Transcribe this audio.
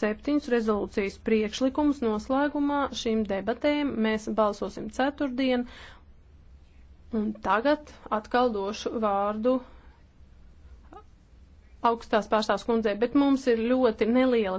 septiņus rezolūcijas priekšlikumus. Noslēgumā šīm debatēm mēs balsosim ceturtdien. Un tagad atkal došu vārdu augstās pārstāvs kundzei, bet mums ir ļoti neliela